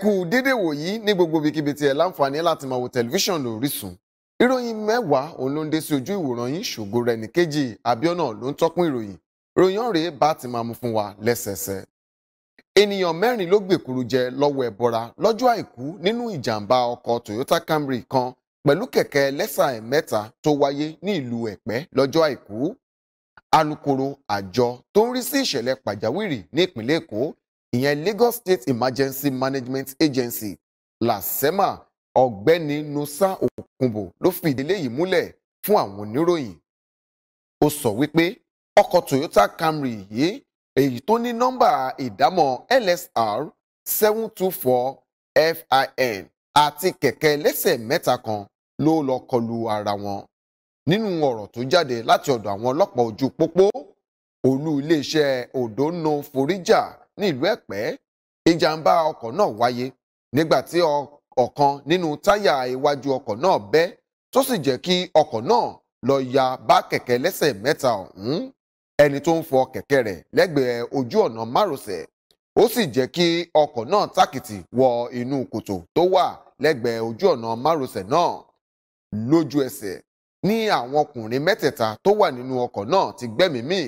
kú dédé wòyí ní gbogbo ibikíbitì ẹ̀ láǹfààní láti máa wo tẹlifíṣàn lóríṣun ìròyìn mẹ́wàá òun ló ń dé sí ojú ìwòran yín ṣògo rẹ̀ nìkejì abiona ló ń tọ́kùn ìròyìn ìròyìn ọ̀rẹ́ bá ti máa mú fún wa lẹ́sẹẹsẹ. ènìyàn mẹ́rin ló gbèkúrú jẹ lọ́wọ́ ẹ̀bọra lọ́jọ́ àìkú nínú ìjàmbá ọkọ̀ Toyota Camry kan pẹ̀lú kẹ̀kẹ́ lẹ́sà mẹ́ta tó wáyé ní ìlú Ẹ̀pẹ́ lọ́jọ́ àìkú alukoro àjọ tó ń rí sí ìṣẹ̀lẹ̀ pàjáwìrì ní ìpínlẹ̀ Èkó ìyẹn Lagos State Emergency Management Agency LASEMA ọ̀gbẹ́ni Nusa Okunbo ló fìdí léyìí múlẹ̀ fún àwọn oníròyìn ó sọ wípé ọkọ̀ Toyota Camry yìí èyí tó ní nọ́mbà ìdámọ̀ LSR seven two four FIN àti kẹ̀kẹ́ lẹ́sẹ̀ mẹ́ta kan ló lọ kọlu ara wọn nínú ọ̀rọ̀ tó jáde láti ọ̀dọ̀ àwọn ọlọ́pàá ojú pópó olú iléeṣẹ́ Odono Foríjà nílùú ẹ̀pẹ́ ìjàmbá ọkọ̀ náà wáyé nígbà tí ọ̀kan nínú táyà iwájú ọkọ̀ náà bẹ́ tó sì jẹ́ kí ọkọ̀ náà lọ ya bá kẹ̀kẹ́ lẹ́sẹ̀ mẹ́ta ọ̀hún ẹni tó ń fọ kẹ̀kẹ́ rẹ̀ lẹ́gbẹ̀ẹ́ ojú ọ̀nà márosẹ̀ ó sì jẹ́ kí ọkọ̀ náà tàkìtì wọ inú kòtò tó wà lẹ́gbẹ̀ẹ́ ojú ọ̀nà márosẹ̀ náà lójú ẹsẹ̀ ní àwọn ọkùnrin mẹ́tẹ̀ẹ̀ta tó wà nínú ọkọ̀ náà ti gbẹ́mìí mì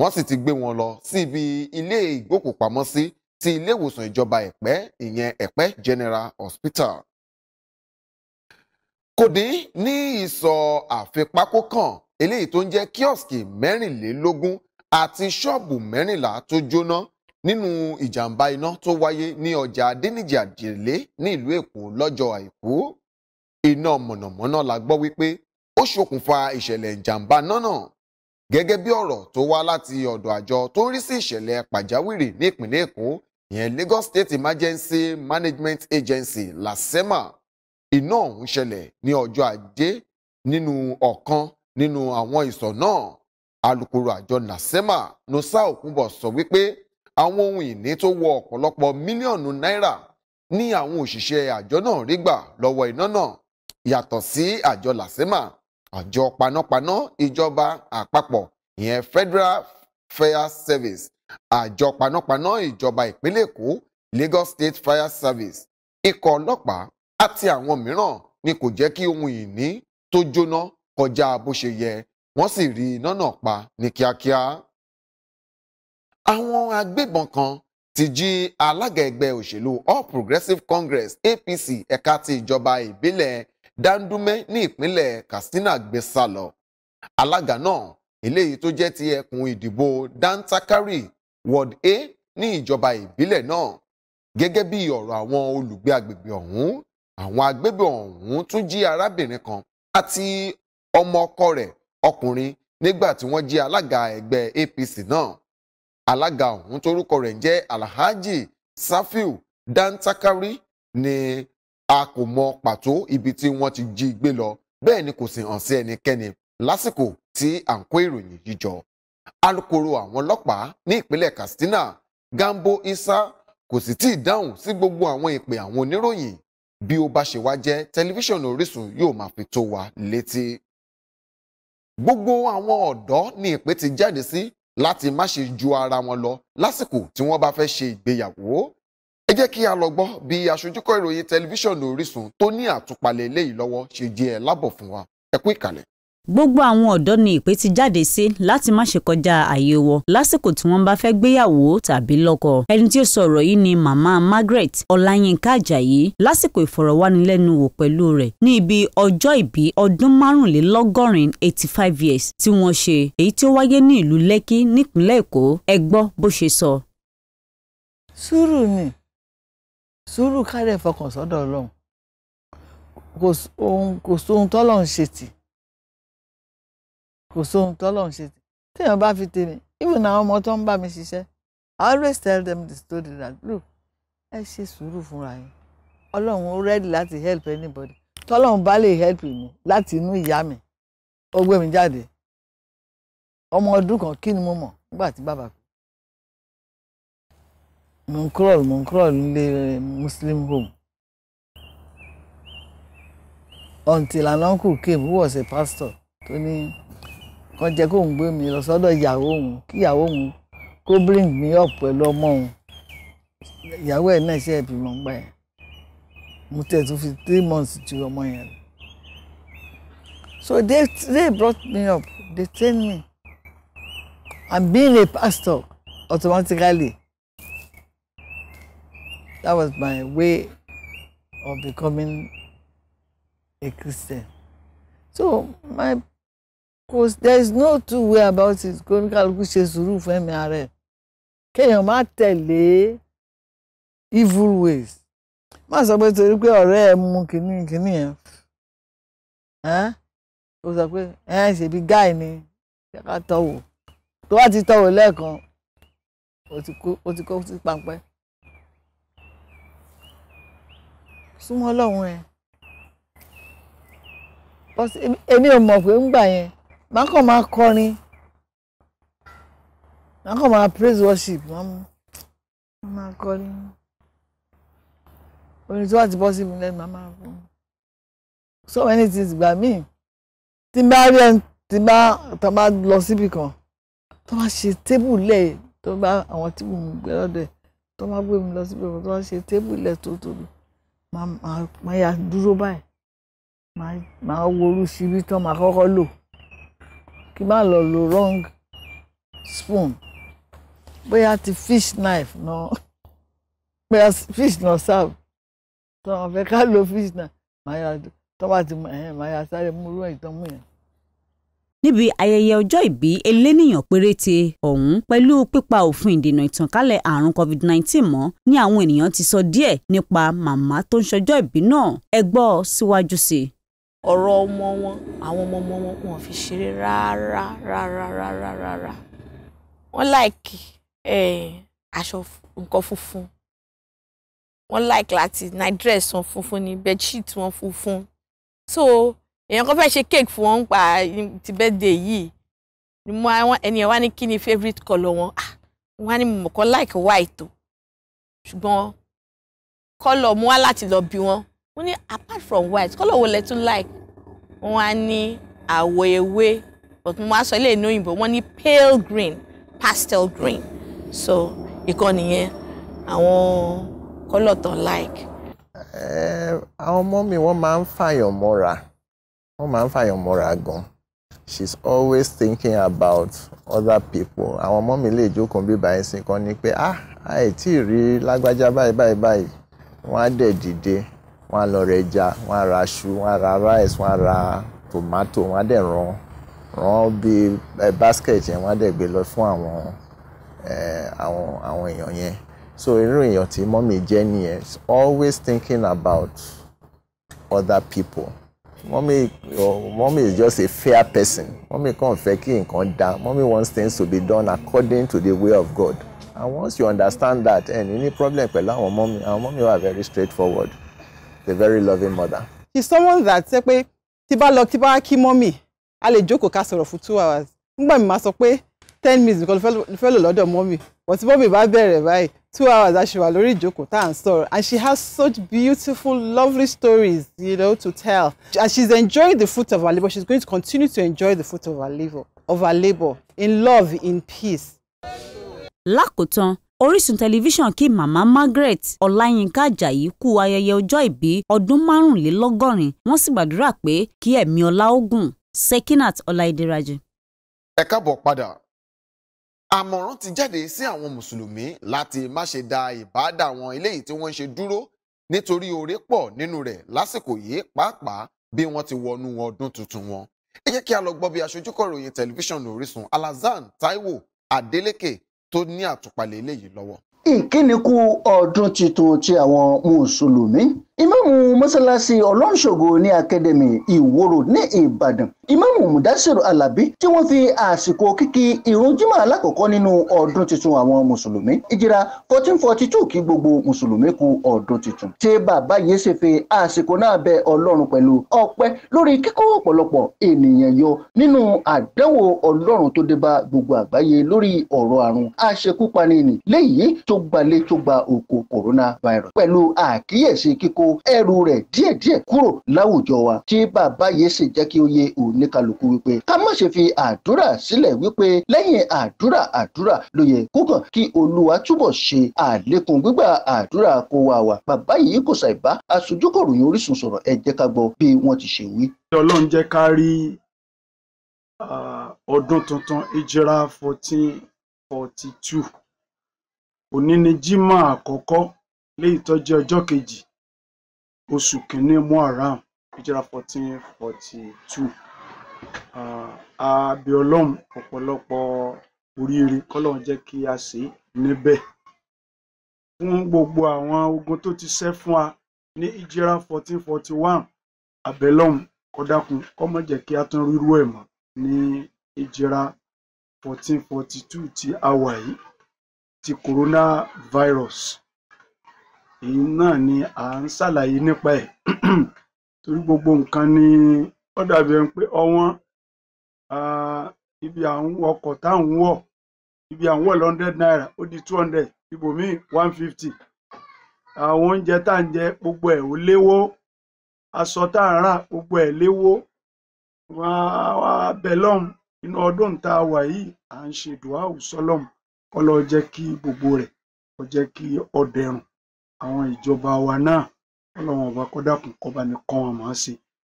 wọ́n sì ti gbé wọn lọ síbi ilé ìgbókùpamọ́sí ti ilé ìwòsàn ìjọba ẹ̀pẹ́ ìyẹn ẹ̀pẹ́ General Hospital. kò dín ní ìsọ̀ àfipákó kan eléyìí tó ń jẹ́ kíọ̀sìkì mẹ́rìnlélógún àti ṣọ́ọ̀bù mẹ́rìnlá tó jóná nínú ìjàmbá iná tó wáyé ní ọjà Adéníjì Àjèlé ní ìlú Èkó lọ́jọ́ Àìkú iná mọ̀nàmọ́ná la gbọ́ wípé ó ṣokùnfà ìṣẹ̀lẹ̀ ìjàmbá náà náà gẹ́gẹ́ bí ọ̀rọ̀ tó wá láti ọ̀dọ̀ àjọ tó ń rí sí ìṣẹ̀lẹ̀ pàjáwìrì ní ìpínlẹ̀ Èkó ìyẹn Lagos State Emergency Management Agency LASEMA iná ọ̀hún ṣẹlẹ̀ ní ọjọ́ ajé nínú ọ̀kan nínú àwọn ìsọ̀ náà alukoro àjọ LASEMA Nosa Okunbo sọ wípé àwọn ohun ìní tó wọ ọ̀pọ̀lọpọ̀ mílíọ̀nù náírà ní àwọn òṣìṣẹ́ àjọ náà rí gbà lọ́wọ́ iná náà yàtọ̀ sí àjọ LASEMA àjọ panápaná ìjọba àpapọ̀ ìyẹn Federal Fire Service àjọ panápaná ìjọba ìpínlẹ̀ Èkó Lagos State Fire Service ikọ̀ ọlọ́pàá àti àwọn mìíràn ni kò jẹ́ kí ohun ìní tó jóná kọjá bó ṣe yẹ wọ́n sì rí iná náà pa ní kíákíá. àwọn agbébọn kan ti jí alága ẹgbẹ́ òṣèlú All Progressives Congress APC ẹ̀ka ti ìjọba ìbílẹ̀ Dandume ní ìpínlẹ̀ Katsina gbé sá lọ. Alága náà eléyìí tó jẹ́ ti ẹkùn ìdìbò Dantakari Ward A ní ìjọba ìbílẹ̀ náà gẹ́gẹ́ bí ọ̀rọ̀ àwọn olùgbé agbègbè ọ̀hún àwọn agbébọn ọ̀hún tún jí arábìnrin kan àti ọmọ ọkọ rẹ̀ ọkùnrin nígbà tí wọ́n jí alága ẹgbẹ́ APC náà alága ọ̀hún torúkọ rẹ̀ ń jẹ́ Alhaji Safiu Dantakari ni a kò mọ pàtó ibi tí wọ́n ti jí gbé lọ bẹ́ẹ̀ ni kò sì hàn sí ẹnikẹ́ni lásìkò tí à ń kó ìròyìn yìí jọ alūkkóró àwọn ọlọ́pàá ní ìpínlẹ̀ Katsina Gambo Isa kò sì tí ì dáhùn sí gbogbo àwọn ìpè àwọn oníròyìn bí ó bá ṣe wá jẹ́ tẹlifíṣàn Orísun yóò máa fi tó wa létí gbogbo àwọn ọ̀dọ́ ni ìpè ti jáde sí láti má ṣe ju ara wọn lọ lásìkò tí wọ́n bá fẹ́ ṣe ìgbéyàwó ẹ jẹ́ kí a lọ gbọ́ bí aṣojúkọ̀ ìròyìn tẹlifíṣàn Orísun tó ní àtúpalẹ̀ eléyìí lọ́wọ́ ṣe jẹ́ ẹ lábọ̀ fún wa ẹ kú ìkàlẹ̀. Gbogbo àwọn ọ̀dọ́ ni ìpè ti jáde sí láti má ṣe kọjá àyè wọn lásìkò tí wọ́n bá fẹ́ gbéyàwó tàbí lọ́kọ. Ẹni tí ó sọ̀rọ̀ yìí ni màmá Margaret Ọláyínká Àjàyí lásìkò ìfọ̀rọ̀wánilẹ́nuwò pẹ̀lú rẹ̀ ní ibi ọjọ́ ìbí ọdún márùnlélọ́gọ́rin eighty five years tí wọ́n ṣe èyí tí ó wáyé ní ìlú Lẹ́kí nípínlẹ̀ Èkó ẹ gbọ́ bó ṣe sọ. Sùúrù ni sùúrù kárẹ̀ fọkàn sọ́dọ̀ ọlọ́run kò sóhun tọ́lọ́run ṣe tì kò sóhun tọ́lọ́run ṣe tì téèyàn bá fi tèmi even àwọn ọmọ tó ń bá mi ṣiṣẹ́ I always tell them the story that look ẹ ṣe sùúrù fúnra yín ọlọ́run ó ready láti help anybody tọ́lọ́run bá lè help mi láti inú ìyá mi ó gbé mi jáde ọmọ ọdún kan kí ni mo mọ̀ nígbà tí bàbá kú mo ń kúrò mo ń nílé muslim home until an uncle came who was a pastor tó ní kan jẹ́ kóun gbé mi lọ sọ́dọ̀ ìyàwó òun kí ìyàwó òun kó bring me up pẹ̀lú ọmọ òun ìyàwó ẹ̀ náà ṣe é bímọ gbà yẹn mo tẹ̀ tún fi three months ju ọmọ yẹn lọ so they they brought me up they trained me and being a pastor automatically That was my way of becoming a Christian. So my post there is no two way about it kó ní kálukú ṣe sùúrù fún ẹ̀mí ara ẹ̀ kéèyàn má tẹ̀lé evil ways má sọ pé torí pé ọ̀rẹ́ ẹ̀ mú kínní kínní yẹn ó sọ pé ẹ ṣèbí guy ni ká tọ̀wò tó bá ti tọ̀wò lẹ́ẹ̀kan ó ti kó sí pańpẹ́. súnmọ́ ọlọ́run ẹ̀ èmi ò mọ̀ pé ń gbà yẹn màá kàn máa kọrin màá kàn máa praise worship màá máa kọrin orin tó wà ti bọ́ sí mi lẹ́nu màá máa fún un so many things gbà míì tí n bá rí ẹni tí n bá tó bá lọ síbì kan tó bá ṣe tébù lẹ̀ tó bá àwọn tí mò ń gbé lọ́dọ̀ tó bá gbé mi lọ síbì kan tó bá ṣe tébù lẹ̀ tó tóbi máa ya dúró báyìí máa wo oríṣiríṣi tán máa kọ́kọ́ lò kí n má lọ lo wrong spoon bóyá ti fish knife náà bóyá fish náà serve tán àfẹ́ ká lo fish náà máa ya tán bá ti máa ya sáré mú irú tán mú yẹn níbi ayẹyẹ ọjọ́ ìbí eléníyàn péréte ọ̀hún pẹ̀lú pípa òfin ìdènà ìtànkálẹ̀ àrùn covid-19 mọ́ ni àwọn ènìyàn ti sọ díẹ̀ nípa màmá tó ń ṣọjọ́ ìbí náà ẹ gbọ́ síwájú sí i. ọ̀rọ̀ ọmọ wọn àwọn ọmọ ọmọ wọn wọn fi ṣeré rárá rárá rárá rárá wọ́n láìkì aṣọ nǹkan funfun wọ́n láìkì láti night dress funfun ni bedsheet wọn funfun so èèyàn kan fẹ́ ṣe cake fún wọn pa ti birthday yìí ni mo àwọn ènìyàn wá ní kí ni favourite colour wọn ah, wọn á ní like white o ṣùgbọ́n colour mo wá láti lọ bí wọn wọn ní apart from white colour wo lẹ tún like wọn á ní àwọ̀ ewé but mo wá sọ ilé ìnú òyìnbó wọn ní pale green pastel green so ìkànnì yẹn àwọn colour tán like. Eh, àwọn ọmọ mi wọ́n máa ń fàyàn mọ́ra wọ́n máa ń fàyàn mọ́ra gan she's always thinking about other people àwọn ọmọ mi lè jókòó bí báyìí sí kan ni pé ah àì tí ì rí lágbájá báyìí báyìí báyìí wọ́n á dẹ̀ dìde wọ́n á lọ rẹ ẹja wọ́n á ra aṣu wọ́n á ra rice wọ́n á ra tomato wọ́n á dẹ̀ ràn ràn bí eh, basket yẹn wọ́n á dẹ̀ gbé lọ fún àwọn eh, àwọn àwọn èèyàn yẹn so irú èèyàn tí mọ́mì jẹ́ nìyẹn always thinking about other people your oh, mọ́mí is just a fair person mọ́mí kàn fẹ́ kí nǹkan dá mọ́mí wants things to be done according to the way of God and once you understand that ẹ eh, ní ní problem pẹ̀lú àwọn mọ́mí àwọn mọ́mí wà very straightforward a very loving mother. she is someone that say, pé tí bá lọ tí bá kí mọ́mì a lè jókòó ká sọ̀rọ̀ for two hours nígbà mi máa sọ pé ten minutes nìkan ló fẹ́ lò lọ́dọ̀ mọ́mì wọ́n ti mọ́mì bá bẹ̀rẹ̀ two hours aṣèwà she ìjókòó tá à ń sọ̀rọ̀ and she has such beautiful lovely stories you know to tell and she's enjoying the fruit of her labour she's going to continue to enjoy the fruit of her labour of her labour in love in peace. lákòótán Orísun tẹlifíṣàn kí màmá Margaret Ọláyínká Àjàyí kú ayẹyẹ ọjọ́ ìbí ọdún márùnlélọ́gọ́rin wọ́n sì gbàdúrà pé kí ẹ̀mí ọlá ó gùn Sekinat Ọláìdíraji. ẹ káàbọ̀ padà àmọ̀ràn ti jáde sí àwọn mùsùlùmí láti má ṣe da ìbáàdà wọn eléyìí tí wọ́n ń ṣe dúró nítorí oore pọ̀ nínú rẹ̀ lásìkò yìí pàápàá bí wọ́n ti wọnú ọdún tuntun wọn. ẹ jẹ́ kí a lọ gbọ́ bí aṣojúkọ̀ròyìn tẹlifíṣàn Orísun Alhassan Taiwo Adeleke tó ní àtúpalẹ̀ eléyìí lọ́wọ́. ìkíni kú ọdún tuntun ti àwọn mùsùlùmí ìmáàmù mọ́sálásí ọlọ́nṣògo ní akademi ìwòrò ní ìbàdàn ìmáàmù mudasiru alabi tí wọ́n fi àsìkò kíkí ìrúnjímọ̀ alákọ̀ọ́kọ́ nínú ọdún tuntun àwọn mùsùlùmí ìjìra fourteen forty two kí gbogbo mùsùlùmí kú ọdún tuntun. ṣé bàbá yìí ṣe fi àsìkò náà bẹ ọlọ́run pẹ̀lú ọpẹ́ lórí kíkó ọ̀pọ̀lọpọ̀ ènìyàn yọ nínú àdánwò ọlọ́run tó dé bá gbogbo àgbáyé lórí ọ̀rọ̀ àrùn àṣekúpani nì léyìí tó gbalé tó gba òkò coronavirus pẹ̀lú àkíyèsí kíkó kó ẹrù rẹ̀ díẹ̀díẹ̀ kúrò láwùjọ wa tí bàbá yìí sì jẹ́ kí ó yé oníkálukú wípé ká má ṣe fi àdúrà sílẹ̀ wípé lẹ́yìn àdúrà àdúrà ló yẹ kó kàn kí olúwa túbọ̀ ṣe àlékún gbígbà àdúrà kó wa wà bàbá yìí kò ṣàìbá aṣojú kòròyìn Orísun sọ̀rọ̀ ẹ jẹ́ ká gbọ́ bí wọ́n ti ṣe wí. Ọlọ́run jẹ́ ká rí ọdún tuntun ìjírá fourteen forty two òní ni Jímọ̀ àkọ́kọ́ léyìí tó jẹ́ ọjọ́ kejì oṣù kìíní muharram hijra fourteen forty two a bẹ ọlọ́run ọ̀pọ̀lọpọ̀ oríire kọ́lọ́run jẹ́ kí a ṣe níbẹ̀ fún gbogbo àwọn ogun tó ti ṣẹ́ fún wa ní hijra fourteen forty one abẹ́lọ́run kọ́dákun kọ́mọ jẹ́ kí a tún rírú ẹ̀ mọ́ ní hijra fourteen forty two tí a yìí ti coronavirus èyí náà ni à ń ṣàlàyé nípa ẹ̀ torí gbogbo nǹkan ni ó dàbí ẹni pé ọwọ́n ibi à ń ọkọ̀ tá à ń wọ̀ ibi à ń wọ̀ lọ hundred naira ó di two hundred ibòmíì one fifty àwọn oúnjẹ tá à ń jẹ gbogbo ẹ̀ ó léwó aṣọ tá à ń rà gbogbo ẹ̀ léwó wá bẹ lọ́hùn inú ọdún tá a wà yìí à ń ṣe dùá òsọlọ́hùn kọ́ lọ́ọ́ jẹ́ kí gbogbo rẹ̀ kó jẹ́ kí ọdẹrùn àwọn ìjọba wa náà ọlọ́run ọba kó dákun kó bá ní kọ́ wọn mọ̀ ọ́n sí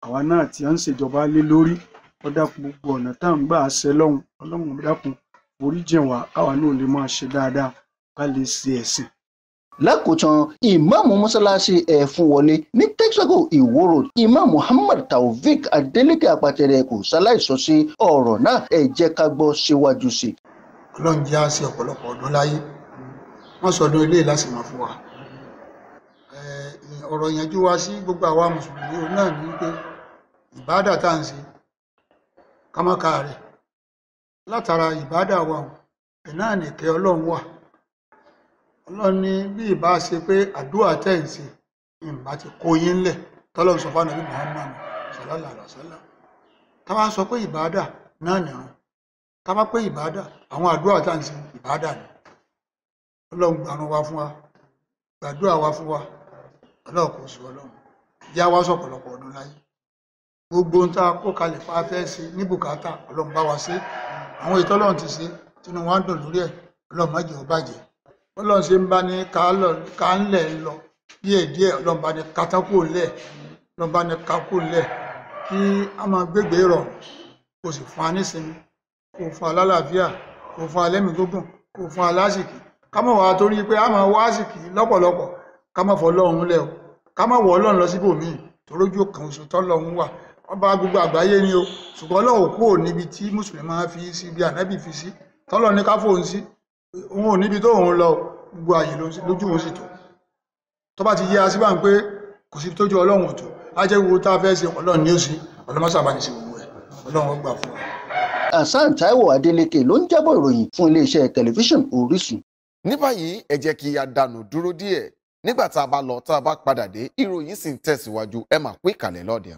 àwa náà tí à ń ṣèjọba lé lórí kó dákun gbogbo ọ̀nà tá à ń gbà ṣe lọ́hùn ọlọ́run ọba dákun orí jìn wá káwa náà lè máa ṣe dáadáa ká lè ṣe ẹ̀sìn. lákòótán ìmáàmù mọ́sálásí ẹ̀fún wọlé ní texaco ìwó road muhammad taofik adeleke apatẹrẹ kò ṣaláìsọ sí ọ̀rọ̀ náà ẹ jẹ́ ká gbọ́ síwájú sí i. ọlọ́run jẹ́ àṣẹ ọ̀pọ̀lọpọ̀ ọdún láyé wọ́n sọ ọdún ilé ìlàsìmọ̀ fún wa ọ̀rọ̀ ìyànjú wa sí gbogbo àwa mùsùlùmí òun náà ní wípé ìbádà tá ń ṣe rẹ̀ látara wa ẹ̀ náà nìkẹ́ ọlọ́run wà ọlọ́run ní bí ìbá se pé àdúrà tẹ̀ ń ṣe ìbá ti kó yín ńlẹ̀ tọ́lọ́run sọ fáwọn ẹbí Muhammad sallallahu alaihi wasallam bá sọ pé ìbádà náà bá pé ìbádà àwọn àdúrà ń ìbádà ni ọlọ́run wa fún wa ọlọ́run kò sùn ọlọ́run yá wá sọ̀pọ̀lọpọ̀ ọdún láyé gbogbo ohun tá a kó kalẹ̀ fún afẹ́ ṣe ní bùkátà ọlọ́run bá wa ṣe àwọn ètò ọlọ́run ti ṣe tínú wa ń dùn lórí ẹ̀ ọlọ́run má jẹ́ ó bàjẹ́ ọlọ́run ṣe ń bá ní ká ń lẹ̀ lọ díẹ̀ díẹ̀ ọlọ́run bá ní katákó lẹ̀ ọlọ́run bá ní kakó lẹ̀ kí a máa gbégbé rọrùn kò sì fún wa nísinmi kò fún wa lálàáfíà kò fún wa lẹ́mìí gígùn kò fún wa lásìkí ká mọ̀ torí pé a máa wá àsìkí lọ́pọ̀lọpọ̀ ká má fọ ọlọ́run lẹ̀ o ká má wọ ọlọ́run lọ síbòmíì torójú kan oṣù tọ́lọ́run wà ọba gbogbo àgbáyé ni o ṣùgbọ́n ọlọ́run kúrò níbi tí mùsùlùmí máa fi sí bí ànábì fi sí tọ́lọ́ ní ká fòun sí òun ò níbi tó òun lọ gbogbo àyè lójú òun sì tó tó bá ti yé a síbà ń pé kò sí tójú ọlọ́run òtò á jẹ́ gbogbo tá a fẹ́ ṣe ọlọ́run ní òsì ọlọ́mọṣàbá sí gbogbo ẹ̀ ọlọ́run gbà fún wa. hasan taiwo adeleke ló ń jábọ̀ ìròyìn fún iléeṣẹ́ tẹlifíṣàn orísun. ní báyìí ẹ jẹ́ kí a dánu dúró díẹ̀ nígbà tá a bá lọ tá a bá padà dé ìròyìn sì ń tẹ̀síwájú ẹ máa kú ìkàlẹ̀ lọ́dẹ.